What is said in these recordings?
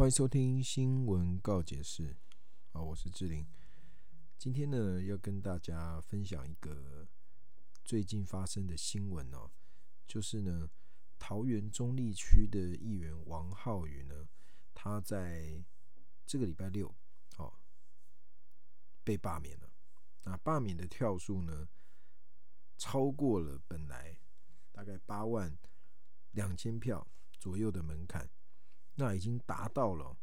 歡迎收聽《新聞告解室》，啊，我是志霖。今天呢，要跟大家分享一個最近發生的新聞哦，就是呢，桃園中壢區的議員王浩宇呢，他在這個禮拜六，哦，被罷免了。啊，罷免的票數呢，超過了本來大概八萬兩千票左右的門檻。那已經達到了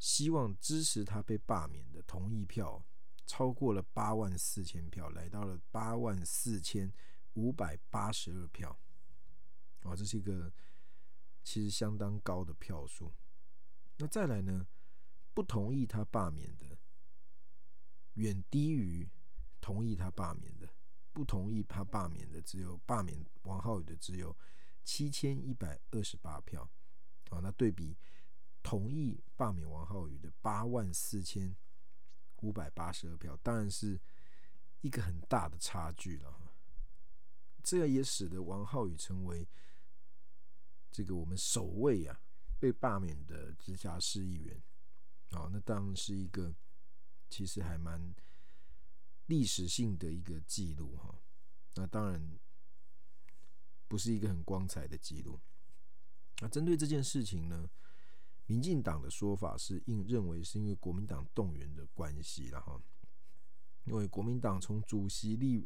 希望支持他被罷免的同意票，超過了八萬四千票，來到了八萬四千五百八十二票。啊，這是一個其實相當高的票數。那再來呢，不同意他罷免的遠低於同意他罷免的，不同意他罷免的只有罷免王浩宇的只有七千一百二十八票。啊，那對比同意罷免王浩宇的八萬四千五百八十二票，當然是一個很大的差距了。這也使得王浩宇成為這個我們首位啊被罷免的直轄市議員。哦，那當然是一個其實還蠻歷史性的一個記錄哈。那當然不是一個很光彩的記錄。那針對這件事情呢，民進黨的說法是應認為是因為國民黨動員的關係啦，因為國民黨從主席、立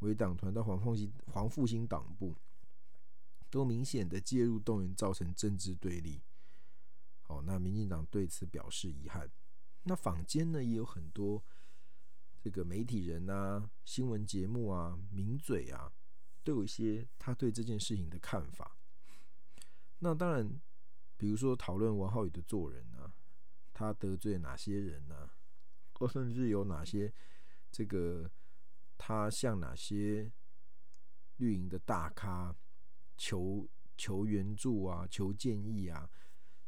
委、黨團到黃鳳新黃復興黨部，都明顯的介入動員，造成政治對立。好，那民進黨對此表示遺憾。那坊間呢也有很多這個媒體人啊、新聞節目啊、名嘴啊，都有一些他對這件事情的看法。那當然，比如說討論王浩宇的做人啊，他得罪哪些人啊，或甚至有哪些這個他向哪些綠營的大咖求求援助啊、求建議啊。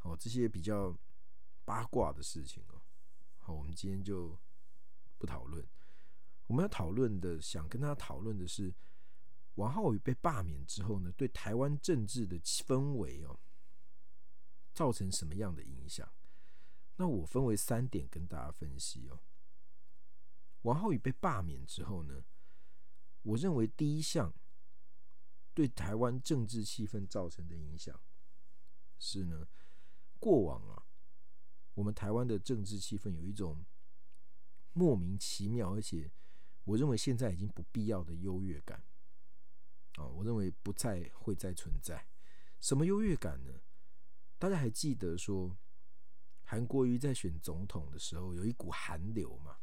哦，這些比較八卦的事情哦。好，我們今天就不討論。我們要討論的，想跟他討論的是。王浩宇被罷免之後呢，對台灣政治的氛圍哦，造成什麼樣的影響？那我分為三點跟大家分析哦。王浩宇被罷免之後呢，我認為第一項對台灣政治氣氛造成的影響是呢，過往啊，我們台灣的政治氣氛有一種莫名其妙，而且我認為現在已經不必要的優越感。啊，我認為不再會再存在什麼優越感呢？大家還記得說，韓國瑜在選總統的時候有一股韓流嘛？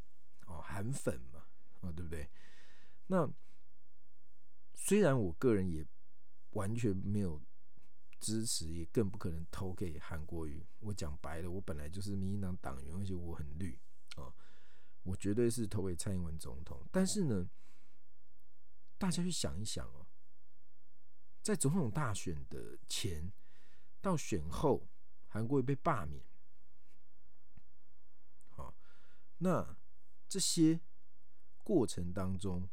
哦，韓粉嘛？對不對？那雖然我個人也完全沒有支持，也更不可能投給韓國瑜。我講白了，我本來就是民進黨黨員，而且我很綠。我絕對是投給蔡英文總統。但是呢，大家去想一想哦。在總統大選的前到選後，韓國瑜被罷免。好，那這些過程當中，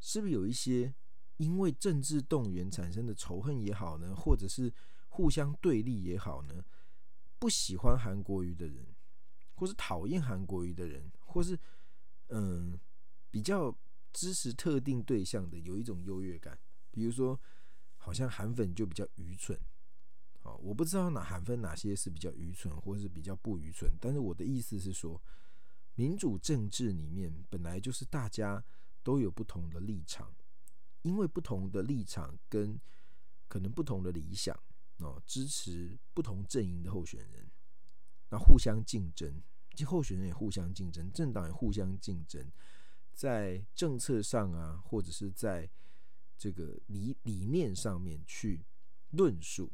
是不是有一些因為政治動員產生的仇恨也好呢，或者是互相對立也好呢？不喜歡韓國瑜的人，或是討厭韓國瑜的人，或是嗯，比較支持特定對象的有一種優越感，比如說。好像韓粉就比較愚蠢，我不知道哪韓粉哪些是比較愚蠢，或是比較不愚蠢。但是我的意思是說，民主政治裡面本來就是大家都有不同的立場，因為不同的立場跟可能不同的理想哦，支持不同陣營的候選人，那互相競爭，即候選人也互相競爭，政黨也互相競爭，在政策上啊，或者是在。這個理理念上面去論述，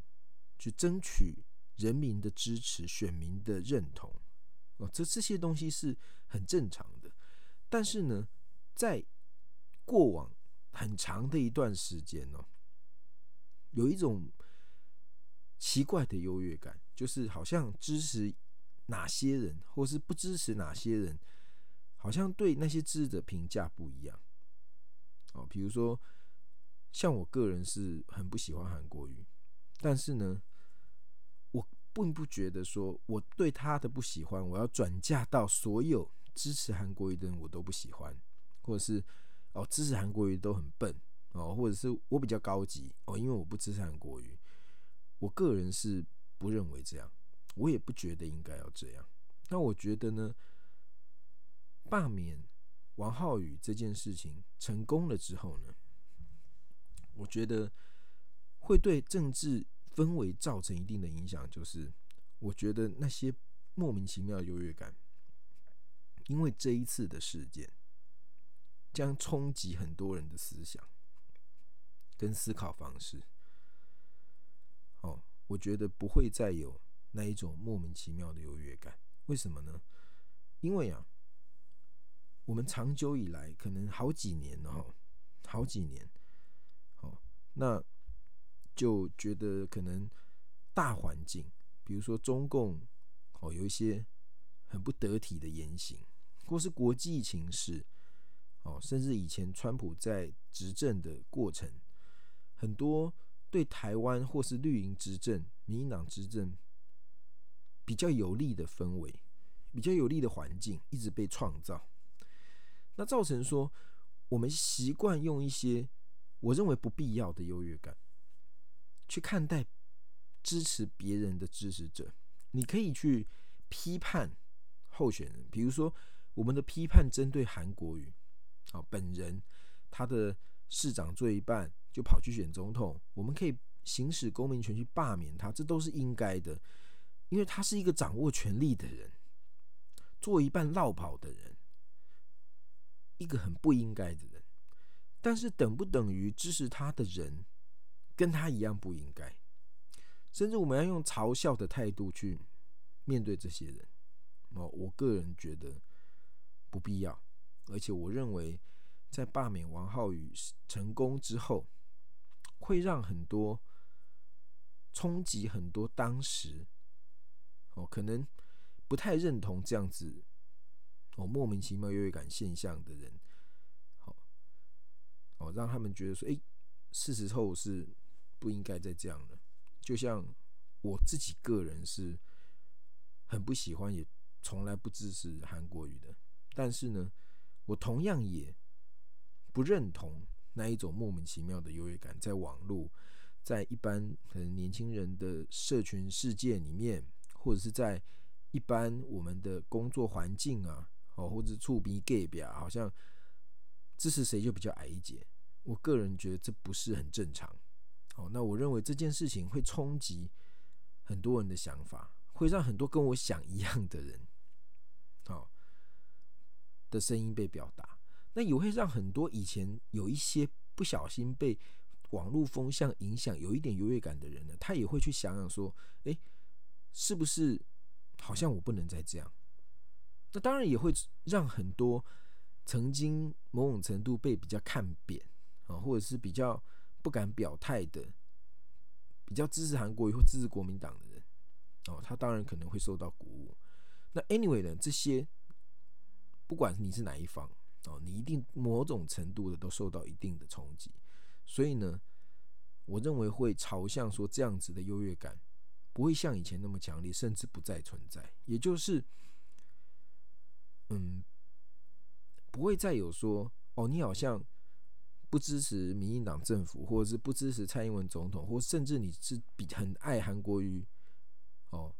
去爭取人民的支持、選民的認同哦，這這些東西是很正常的。但是呢，在過往很長的一段時間哦，有一種奇怪的優越感，就是好像支持哪些人，或是不支持哪些人，好像對那些知識的評價不一樣哦，比如說。像我個人是很不喜歡韓國瑜，但是呢，我並不覺得說我對他的不喜歡，我要轉嫁到所有支持韓國瑜的人，我都不喜歡，或者是哦支持韓國瑜都很笨哦，或者是我比較高級哦，因為我不支持韓國瑜，我個人是不認為這樣，我也不覺得應該要這樣。那我覺得呢，罷免王浩宇這件事情成功了之後呢，我覺得會對政治氛圍造成一定的影響，就是我覺得那些莫名其妙的優越感，因為這一次的事件將衝擊很多人的思想跟思考方式。哦，我覺得不會再有那一種莫名其妙的優越感，為什麼呢？因為啊。我們長久以來可能好幾年，然後好幾年。那就覺得可能大環境，比如說中共哦，有一些很不得體的言行，或是國際情勢哦，甚至以前川普在執政的過程，很多對台灣或是綠營執政、民進黨執政比較有利的氛圍、比較有利的環境一直被創造，那造成說我們習慣用一些。我認為不必要的優越感去看待支持別人的支持者，你可以去批判候選人，比如說我們的批判針對韓國瑜，啊，本人他的市長做一半就跑去選總統，我們可以行使公民權去罷免他，這都是應該的，因為他是一個掌握權力的人，做一半落跑的人，一個很不應該的人。但是，等不等於支持他的人跟他一樣不應該？甚至我們要用嘲笑的態度去面對這些人？哦，我個人覺得不必要。而且，我認為在罷免王浩宇成功之後，會讓很多衝擊很多當時哦，可能不太認同這樣子哦，莫名其妙優越感現象的人。哦，讓他們覺得說，誒，是時候是不應該再這樣了。就像我自己個人是很不喜歡，也從來不支持韓國瑜的。但是呢，我同樣也不認同那一種莫名其妙的優越感，在網絡，在一般可能年輕人的社群世界裡面，或者是在一般我們的工作環境啊，哦，或者處女 Gay 表，好像支持誰就比較矮一截。我個人覺得這不是很正常，哦，那我認為這件事情會衝擊很多人的想法，會讓很多跟我想一樣的人，哦，的聲音被表達，那也會讓很多以前有一些不小心被網絡風向影響，有一點優越感的人呢，他也會去想想說，哎，是不是好像我不能再這樣？那當然也會讓很多曾經某種程度被比較看扁。啊，或者是比較不敢表態的，比較支持韓國瑜或支持國民黨的人，哦，他當然可能會受到鼓舞。那 anyway 呢，這些不管你是哪一方，哦，你一定某種程度的都受到一定的衝擊。所以呢，我認為會朝向說這樣子的優越感，不會像以前那麼強烈，甚至不再存在。也就是，嗯，不會再有說，哦，你好像。不支持民進黨政府，或者是不支持蔡英文總統，或甚至你是比很愛韓國瑜哦，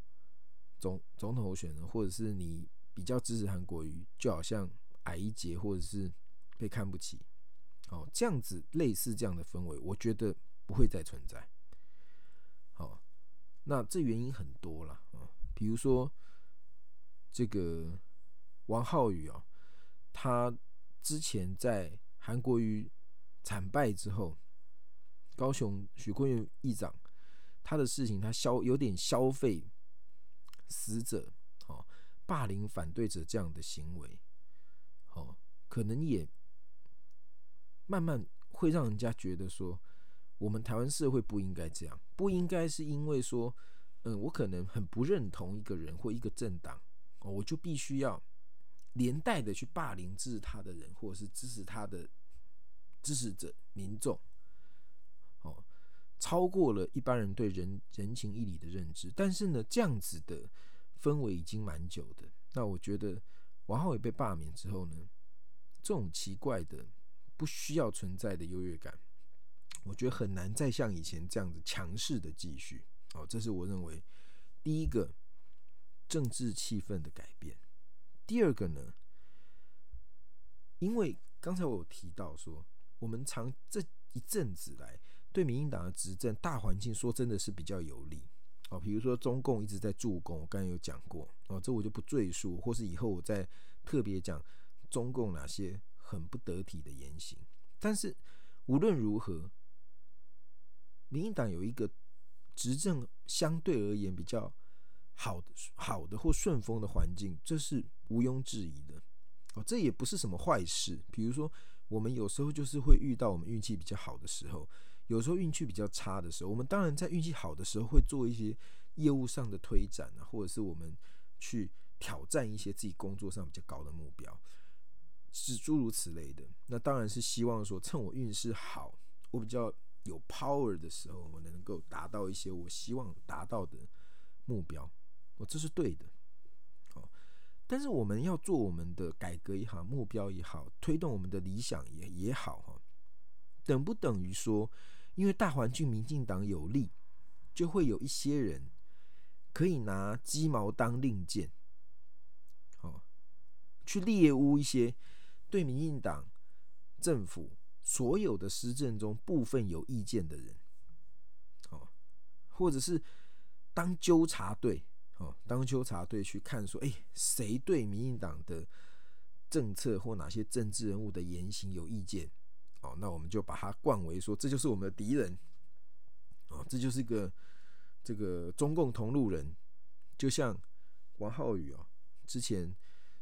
總總統候選人，或者是你比較支持韓國瑜，就好像矮一截，或者是被看不起哦，這樣子類似這樣的氛圍，我覺得不會再存在。哦，那這原因很多了，哦，比如說這個王浩宇哦，他之前在韓國瑜慘敗之後，高雄許崑源議長，他的事情，他消有點消費死者，哦，霸凌反對者這樣的行為，哦，可能也慢慢會讓人家覺得說，我們台灣社會不應該這樣，不應該是因為說，嗯，我可能很不認同一個人或一個政黨，哦，我就必須要連帶的去霸凌支持他的人，或者是支持他的，支持者、民眾，哦，超過了一般人對人人情義理的認知。但是呢，這樣子的氛圍已經蠻久的。那我覺得王浩宇被罷免之後呢，這種奇怪的不需要存在的優越感，我覺得很難再像以前這樣子強勢的繼續。哦，這是我認為第一個政治氣氛的改變。第二個呢，因為剛才我有提到說。我們常這一陣子來對民進黨的執政大環境，說真的是比較有利哦。比如說，中共一直在助攻，我剛才有講過哦，這我就不贅述，或是以後我再特別講中共哪些很不得體的言行。但是無論如何，民進黨有一個執政相對而言比較好的、好的或順風的環境，這是毋庸置疑的哦。這也不是什麼壞事。比如說。我們有時候就是會遇到我們運氣比較好的時候，有時候運氣比較差的時候。我們當然在運氣好的時候會做一些業務上的推展啊，或者是我們去挑戰一些自己工作上比較高的目標，是諸如此類的。那當然是希望說，趁我運勢好，我比較有 power 的時候，我能夠達到一些我希望達到的目標。我，哦，這是對的。但是我們要做我們的改革也好，目標也好，推動我們的理想也也好，等不等於說，因為大環境民進黨有利，就會有一些人可以拿雞毛當令箭，哦，去獵巫一些對民進黨政府所有的施政中部分有意見的人，哦，或者是當糾察隊。哦，當糾察隊去看說，哎、欸，誰對民進黨的政策或哪些政治人物的言行有意見？哦，那我們就把它冠為說，這就是我們的敵人。哦，這就是一個這個中共同路人。就像王浩宇哦，之前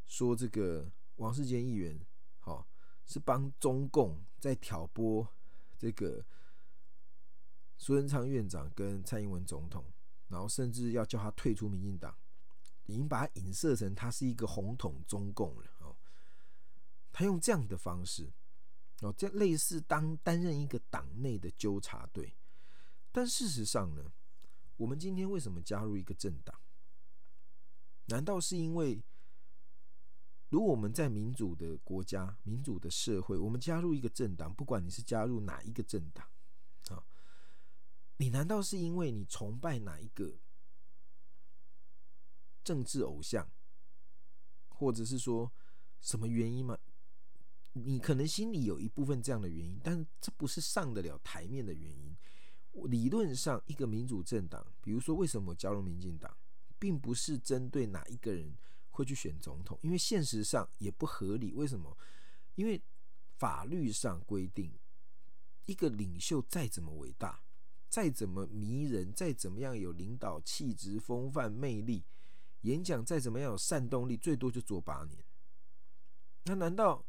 說這個王世堅議員，哦，是幫中共在挑撥這個蘇貞昌院長跟蔡英文總統。然後甚至要叫他退出民進黨，已經把他影射成他是一個紅統中共了哦。他用這樣的方式哦，哦，這類似當擔任一個黨內的糾察隊。但事實上呢，我們今天為什麼加入一個政黨？難道是因為，如果我們在民主的國家、民主的社會，我們加入一個政黨，不管你是加入哪一個政黨，你難道是因為你崇拜哪一個政治偶像，或者是說什麼原因嗎？你可能心裡有一部分這樣的原因，但這不是上得了台面的原因。理論上，一個民主政黨，比如說為什麼加入民進黨，並不是針對哪一個人會去選總統，因為現實上也不合理。為什麼？因為法律上規定，一個領袖再怎麼偉大。再怎麼迷人，再怎麼樣有領導氣質、風範、魅力，演講再怎麼樣有煽動力，最多就做八年。那難道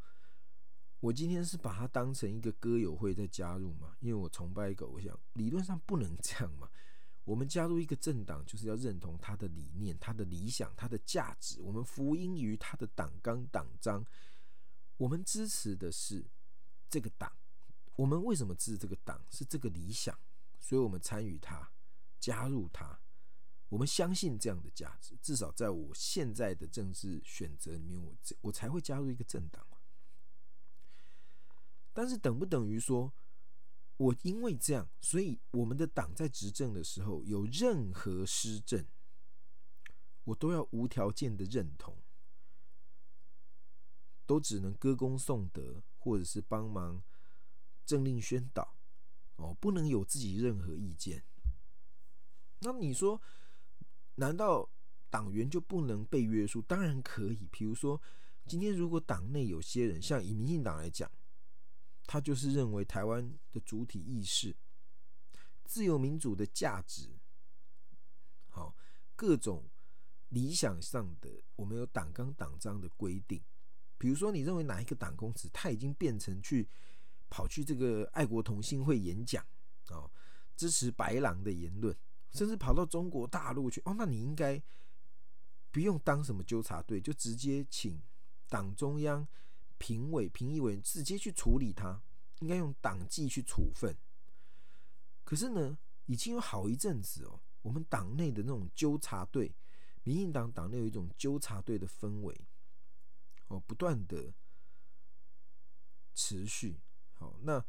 我今天是把它當成一個歌友會在加入嗎？因為我崇拜一個，我想理論上不能這樣嘛。我們加入一個政黨，就是要認同他的理念、他的理想、他的價值。我們服膺於他的黨綱、黨章。我們支持的是這個黨。我們為什麼支持這個黨？是這個理想。所以我們參與它，加入它，我們相信這樣的價值。至少在我現在的政治選擇裡面，我我才會加入一個政黨。但是，等不等於說，我因為這樣，所以我們的黨在執政的時候有任何施政，我都要無條件的認同，都只能歌功頌德，或者是幫忙政令宣導。哦，不能有自己任何意見。那你說，難道黨員就不能被約束？當然可以。比如說，今天如果黨內有些人，像以民進黨來講，他就是認為台灣的主體意識、自由民主的價值，好、哦、各種理想上的，我們有黨綱、黨章的規定。比如說，你認為哪一個黨公職他已經變成去。跑去這個愛國同心會演講，哦，支持白狼的言論，甚至跑到中國大陸去，哦，那你應該不用當什麼糾察隊，就直接請黨中央評委、評議委員直接去處理他，應該用黨紀去處分。可是呢，已經有好一陣子哦，我們黨內的那種糾察隊，民進黨黨內有一種糾察隊的氛圍，哦，不斷的持續。好，那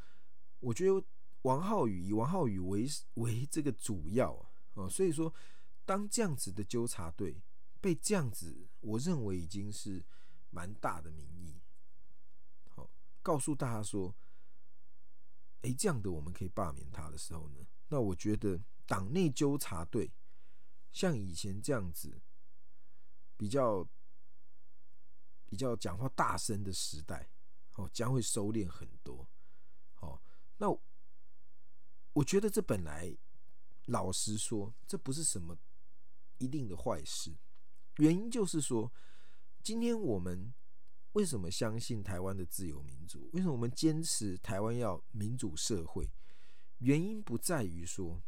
我覺得王浩宇以王浩宇為為這個主要啊、哦，所以說當這樣子的糾察隊被這樣子，我認為已經是蠻大的民意。好、哦，告訴大家說，哎，這樣的我們可以罷免他的時候呢，那我覺得黨內糾察隊像以前這樣子比較比較講話大聲的時代，哦，將會收斂很多。那我覺得這本來老實說，這不是什麼一定的壞事。原因就是說，今天我們為什麼相信台灣的自由民主？為什麼我們堅持台灣要民主社會？原因不在於說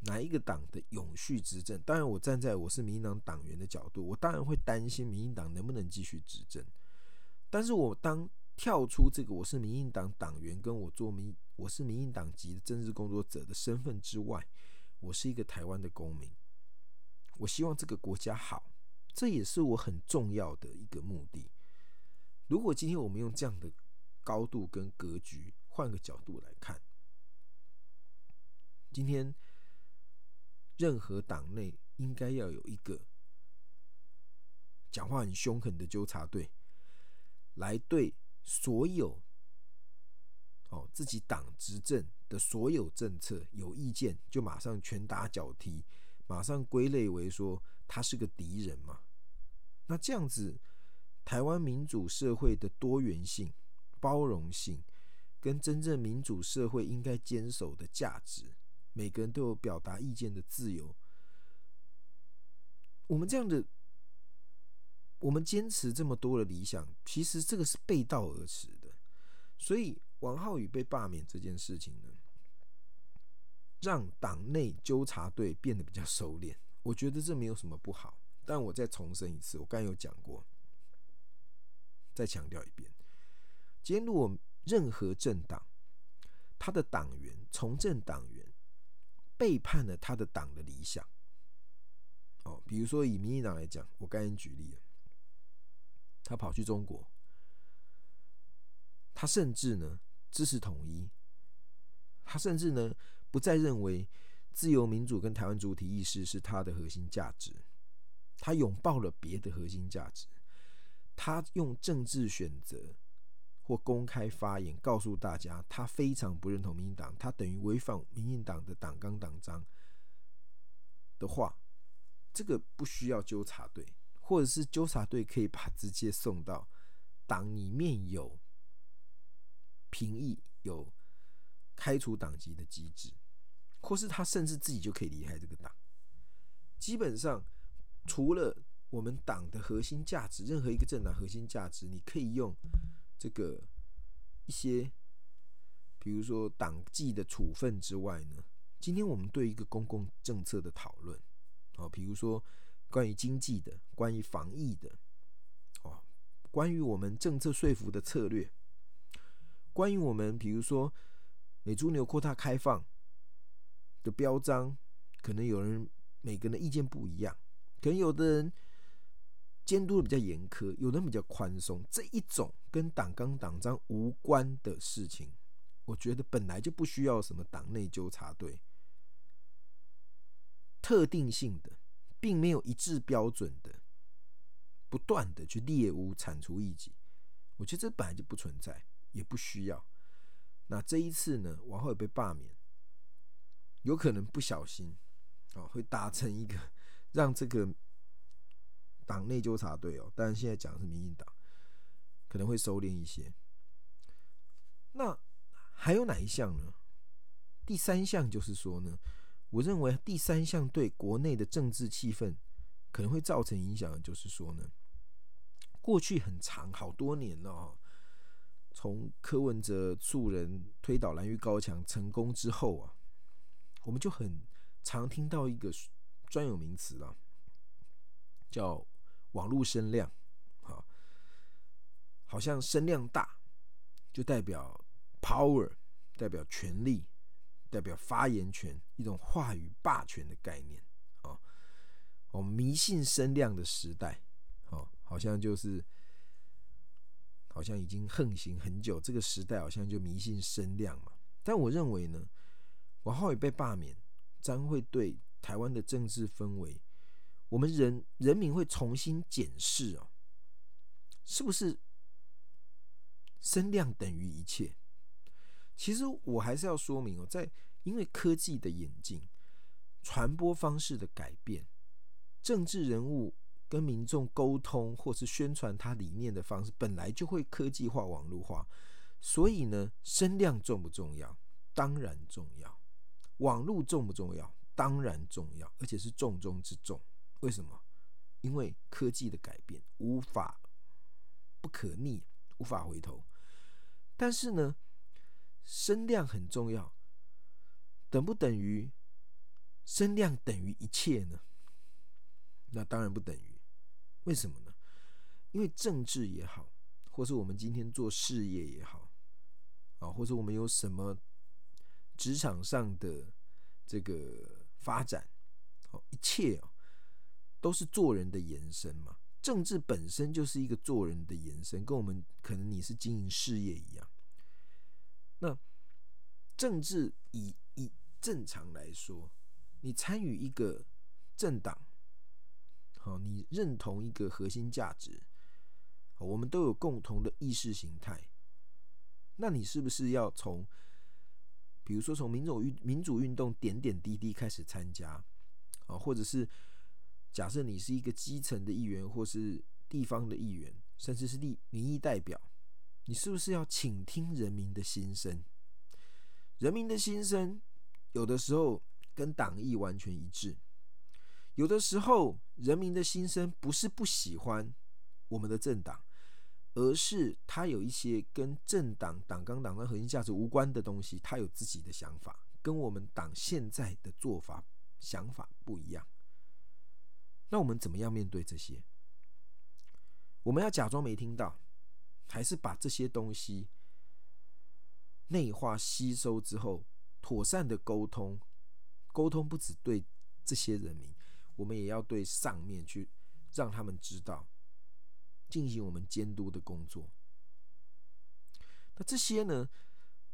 哪一個黨的永續執政。當然，我站在我是民進黨黨員的角度，我當然會擔心民進黨能不能繼續執政。但是我當。跳出這個我是民進黨黨員，跟我做民我是民進黨籍的政治工作者的身份之外，我是一個台灣的公民。我希望這個國家好，這也是我很重要的一個目的。如果今天我們用這樣的高度跟格局，換個角度來看，今天任何黨內應該要有一個講話很凶狠的糾察隊來對。所有，哦，自己黨執政的所有政策有意見，就馬上拳打腳踢，馬上歸類為說他是個敵人嘛？那這樣子，台灣民主社會的多元性、包容性，跟真正民主社會應該堅守的價值，每個人都有表達意見的自由。我們這樣的。我們堅持這麼多的理想，其實這個是背道而馳的。所以王浩宇被罷免這件事情呢，讓黨內糾察隊變得比較收斂，我覺得這沒有什麼不好。但我再重申一次，我剛才有講過，再強調一遍，監督我任何政黨他的黨員、從政黨員背叛了他的黨的理想。哦，比如說以民進黨來講，我剛才舉例了。他跑去中國，他甚至呢支持統一，他甚至呢不再認為自由民主跟台灣主體意識是他的核心價值，他擁抱了別的核心價值，他用政治選擇或公開發言告訴大家，他非常不認同民進黨，他等於違反民進黨的黨綱黨章的話，這個不需要糾察隊。或者是糾察隊可以把直接送到黨裡面，有評議、有開除黨籍的機制，或是他甚至自己就可以離開這個黨。基本上，除了我們黨的核心價值，任何一個政黨核心價值，你可以用這個一些，比如說黨紀的處分之外呢，今天我們對一個公共政策的討論，哦，比如說。關於經濟的，關於防疫的，哦，關於我們政策說服的策略，關於我們比如說美豬牛擴大開放的標章，可能有人每個人的意見不一樣，可能有的人監督的比較嚴苛，有的人比較寬鬆，這一種跟黨綱黨章無關的事情，我覺得本來就不需要什麼黨內糾察隊，特定性的。並沒有一致標準的，不斷的去獵巫鏟除異己，我覺得這本來就不存在，也不需要。那這一次呢，王浩宇被罷免，有可能不小心，哦，會達成一個讓這個黨內糾察隊哦，當然現在講的是民進黨，可能會收斂一些。那還有哪一項呢？第三項就是說呢。我認為第三項對國內的政治氣氛可能會造成影響，就是說呢，過去很長好多年了，從柯文哲素人推倒藍綠高牆成功之後啊，我們就很常聽到一個專有名詞了，叫網絡聲量，好像聲量大就代表 power，代表權力。代表發言權，一種話語霸權的概念哦，哦，我們迷信聲量的時代，哦，好像就是好像已經橫行很久，這個時代好像就迷信聲量嘛。但我認為呢，王浩宇被罷免，將會對台灣的政治氛圍，我們人人民會重新檢視哦，是不是聲量等於一切？其實我還是要說明哦，在因為科技的演進、傳播方式的改變，政治人物跟民眾溝通或是宣傳他理念的方式，本來就會科技化、網絡化，所以呢，聲量重不重要？當然重要。網絡重不重要？當然重要，而且是重中之重。為什麼？因為科技的改變無法、不可逆，無法回頭。但是呢，聲量很重要，等不等於聲量等於一切呢？那當然不等於，為什麼呢？因為政治也好，或是我們今天做事業也好，啊，或是我們有什麼職場上的這個發展，哦，一切哦，都是做人的延伸嘛。政治本身就是一個做人的延伸，跟我們可能你是經營事業一樣。那政治以以正常來說，你參與一個政黨，好，你認同一個核心價值，我們都有共同的意識形態。那你是不是要從，比如說從民主運民主運動點點滴滴開始參加，啊，或者是假設你是一個基層的議員，或是地方的議員，甚至是利民意代表。你是不是要傾聽人民的心聲？人民的心聲，有的時候跟黨意完全一致；有的時候，人民的心聲不是不喜歡我們的政黨，而是他有一些跟政黨、黨綱、黨的核心價值無關的東西，他有自己的想法，跟我們黨現在的做法、想法不一樣。那我們怎麼樣面對這些？我們要假裝沒聽到。還是把這些東西內化、吸收之後，妥善的溝通。溝通不止對這些人民，我們也要對上面去讓他們知道，進行我們監督的工作。那這些呢，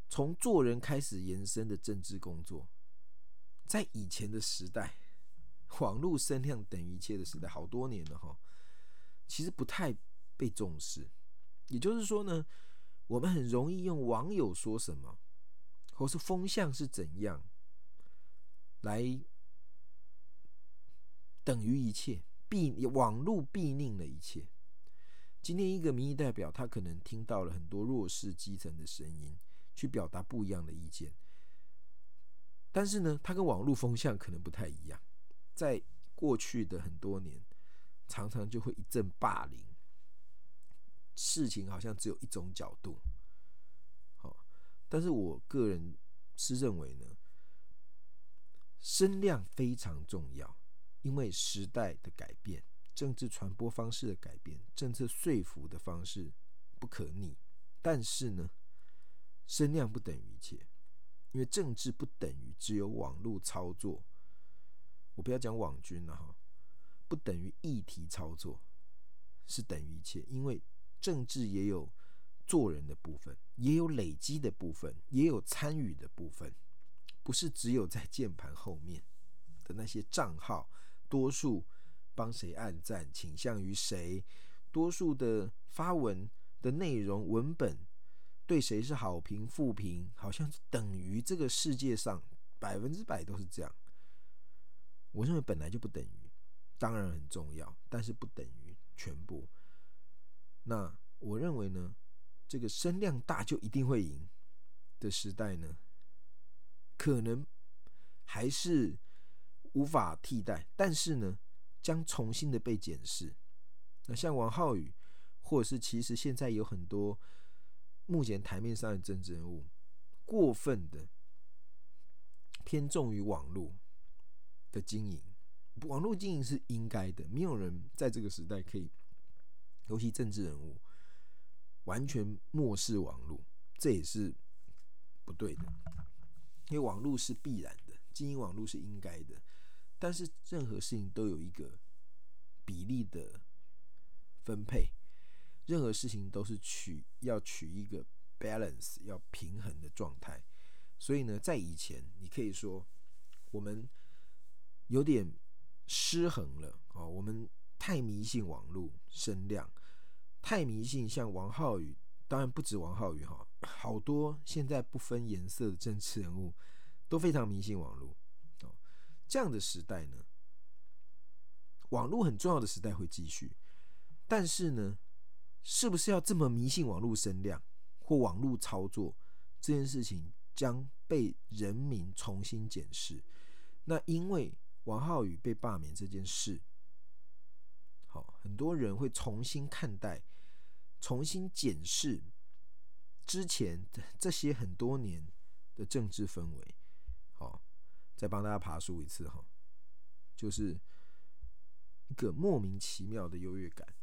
從做人開始延伸的政治工作，在以前的時代，網絡聲量等於一切的時代，好多年了哈，其實不太被重視。也就是說呢，我們很容易用網友說什麼，或是風向是怎樣，來等於一切，避，網絡避令的一切。今天一個民意代表，他可能聽到了很多弱勢基層的聲音，去表達不一樣的意見，但是呢，他跟網絡風向可能不太一樣。在過去的很多年，常常就會一陣霸凌。事情好像只有一種角度，好，但是我個人是認為呢，聲量非常重要，因為時代的改變、政治傳播方式的改變、政策說服的方式不可逆。但是呢，聲量不等於一切，因為政治不等於只有網絡操作，我不要講網軍了哈，不等於議題操作是等於一切，因為。政治也有做人的部分，也有累積的部分，也有參與的部分，不是只有在鍵盤後面的那些賬號，多數幫誰按讚，傾向於誰，多數的發文的內容文本對誰是好評、負評，好像是等於這個世界上百分之百都是這樣。我認為本來就不等於，當然很重要，但是不等於全部。那我認為呢，這個聲量大就一定會贏的時代呢，可能還是無法替代，但是呢，將重新的被檢視。那像王浩宇，或者是其實現在有很多目前台面上的政治人物，過分的偏重於網絡的經營，網絡經營是應該的，沒有人在這個時代可以。尤其政治人物完全漠視網絡，這也是不對的。因為網絡是必然的，經營網絡是應該的。但是任何事情都有一個比例的分配，任何事情都是取，要取一個 balance，要平衡的狀態。所以呢，在以前你可以說我們有點失衡了啊、哦，我們。太迷信網絡聲量，太迷信像王浩宇，當然不止王浩宇哈，好多現在不分顏色的政治人物都非常迷信網絡哦。這樣的時代呢，網絡很重要的時代會繼續，但是呢，是不是要這麼迷信網絡聲量或網絡操作這件事情，將被人民重新檢視？那因為王浩宇被罷免這件事。好，很多人會重新看待、重新檢視之前的這些很多年的政治氛圍。好，再幫大家爬梳一次哈，就是一個莫名其妙的優越感，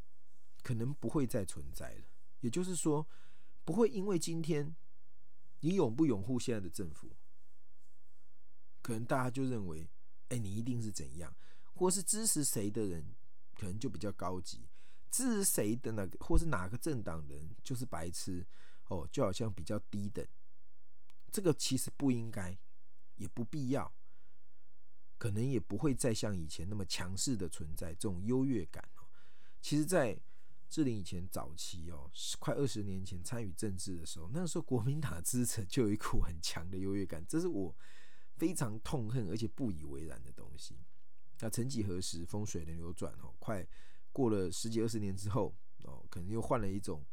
可能不會再存在了。也就是說，不會因為今天你擁不擁護現在的政府，可能大家就認為，哎、欸，你一定是怎樣，或是支持誰的人。可能就比較高級，支持誰的那個，或是哪個政黨人就是白痴哦，就好像比較低等，這個其實不應該，也不必要，可能也不會再像以前那麼強勢的存在這種優越感哦。其實，在志霖以前早期哦，快二十年前參與政治的時候，那時候國民黨支持就有一股很強的優越感，這是我非常痛恨而且不以為然的東西。那曾幾何時，風水輪流轉哦，快過了十幾二十年之後哦，可能又換了一種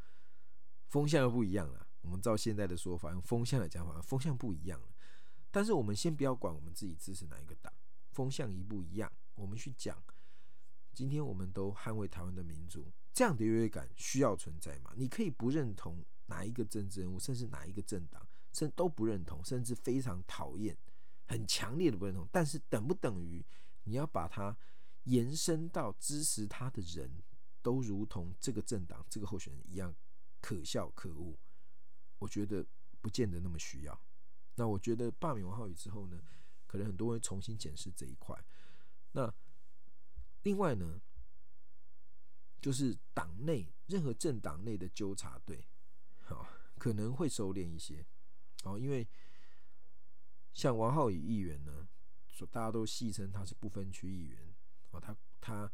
風向，又不一樣了。我們照現在的說法，用風向來講法，風向不一樣了。但是我們先不要管我們自己支持哪一個黨，風向一不一樣，我們去講，今天我們都捍衛台灣的民主，這樣的優越感需要存在嗎？你可以不認同哪一個政治人物，甚至哪一個政黨，甚至都不認同，甚至非常討厭，很強烈的不認同，但是等不等於？你要把它延伸到支持他的人都如同這個政黨、這個候選人一樣可笑可惡，我覺得不見得那麼需要。那我覺得罷免王浩宇之後呢，可能很多人重新檢視這一塊。那另外呢，就是黨內任何政黨內的糾察隊，好，可能會收斂一些。好，因為像王浩宇議員呢。說大家都戲稱他是不分區議員，啊，他他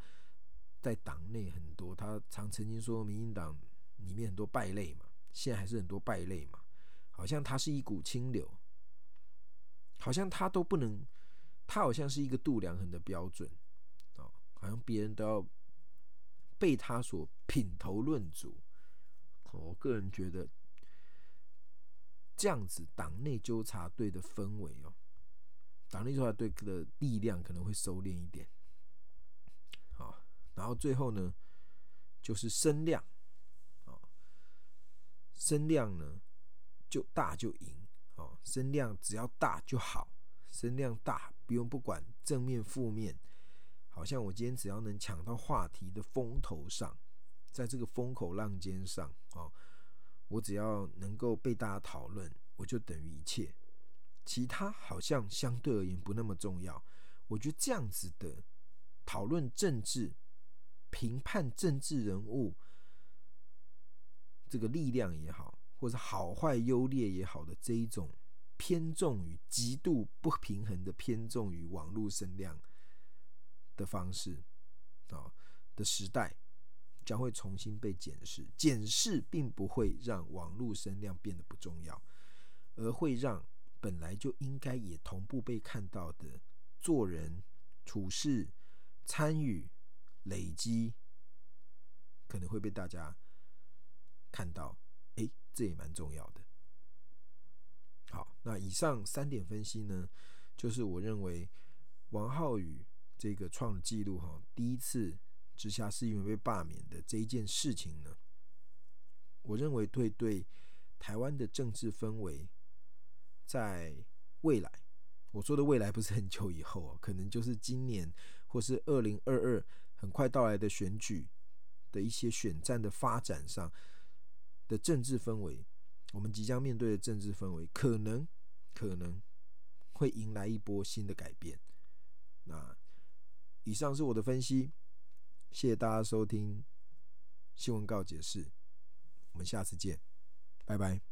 在黨內很多，他常曾經說，民進黨裡面很多敗類嘛，現在還是很多敗類嘛，好像他是一股清流，好像他都不能，他好像是一個度量衡的標準，啊，好像別人都要被他所品頭論足，我個人覺得這樣子黨內糾察隊的氛圍哦、喔。導練黨內出來隊的力量可能會收斂一點，好，然後最後呢就是聲量，聲量呢就大就贏，哦，聲量只要大就好，聲量大不用不管正面負面，好像我今天只要能搶到話題的風頭上，在這個風口浪尖上，哦，我只要能夠被大家討論，我就等於一切。其他好像相對而言不那麼重要。我覺得這樣子的討論政治、評判政治人物，這個力量也好，或是好壞優劣也好的這一種偏重於極度不平衡的偏重於網絡聲量的方式，啊的時代將會重新被檢視。檢視並不會讓網絡聲量變得不重要，而會讓。本來就應該也同步被看到的，做人處事、參與累積，可能會被大家看到。哎，這也蠻重要的。好，那以上三點分析呢，就是我認為王浩宇這個創記錄哈，第一次直轄是因為被罷免的這一件事情呢，我認為對對台灣的政治氛圍。在未來，我說的未來不是很久以後啊，可能就是今年或是二零二二很快到來的選舉的一些選戰的發展上的政治氛圍，我們即將面對的政治氛圍，可能可能會迎來一波新的改變。那以上是我的分析，謝謝大家收聽新聞告解室，我們下次見，拜拜。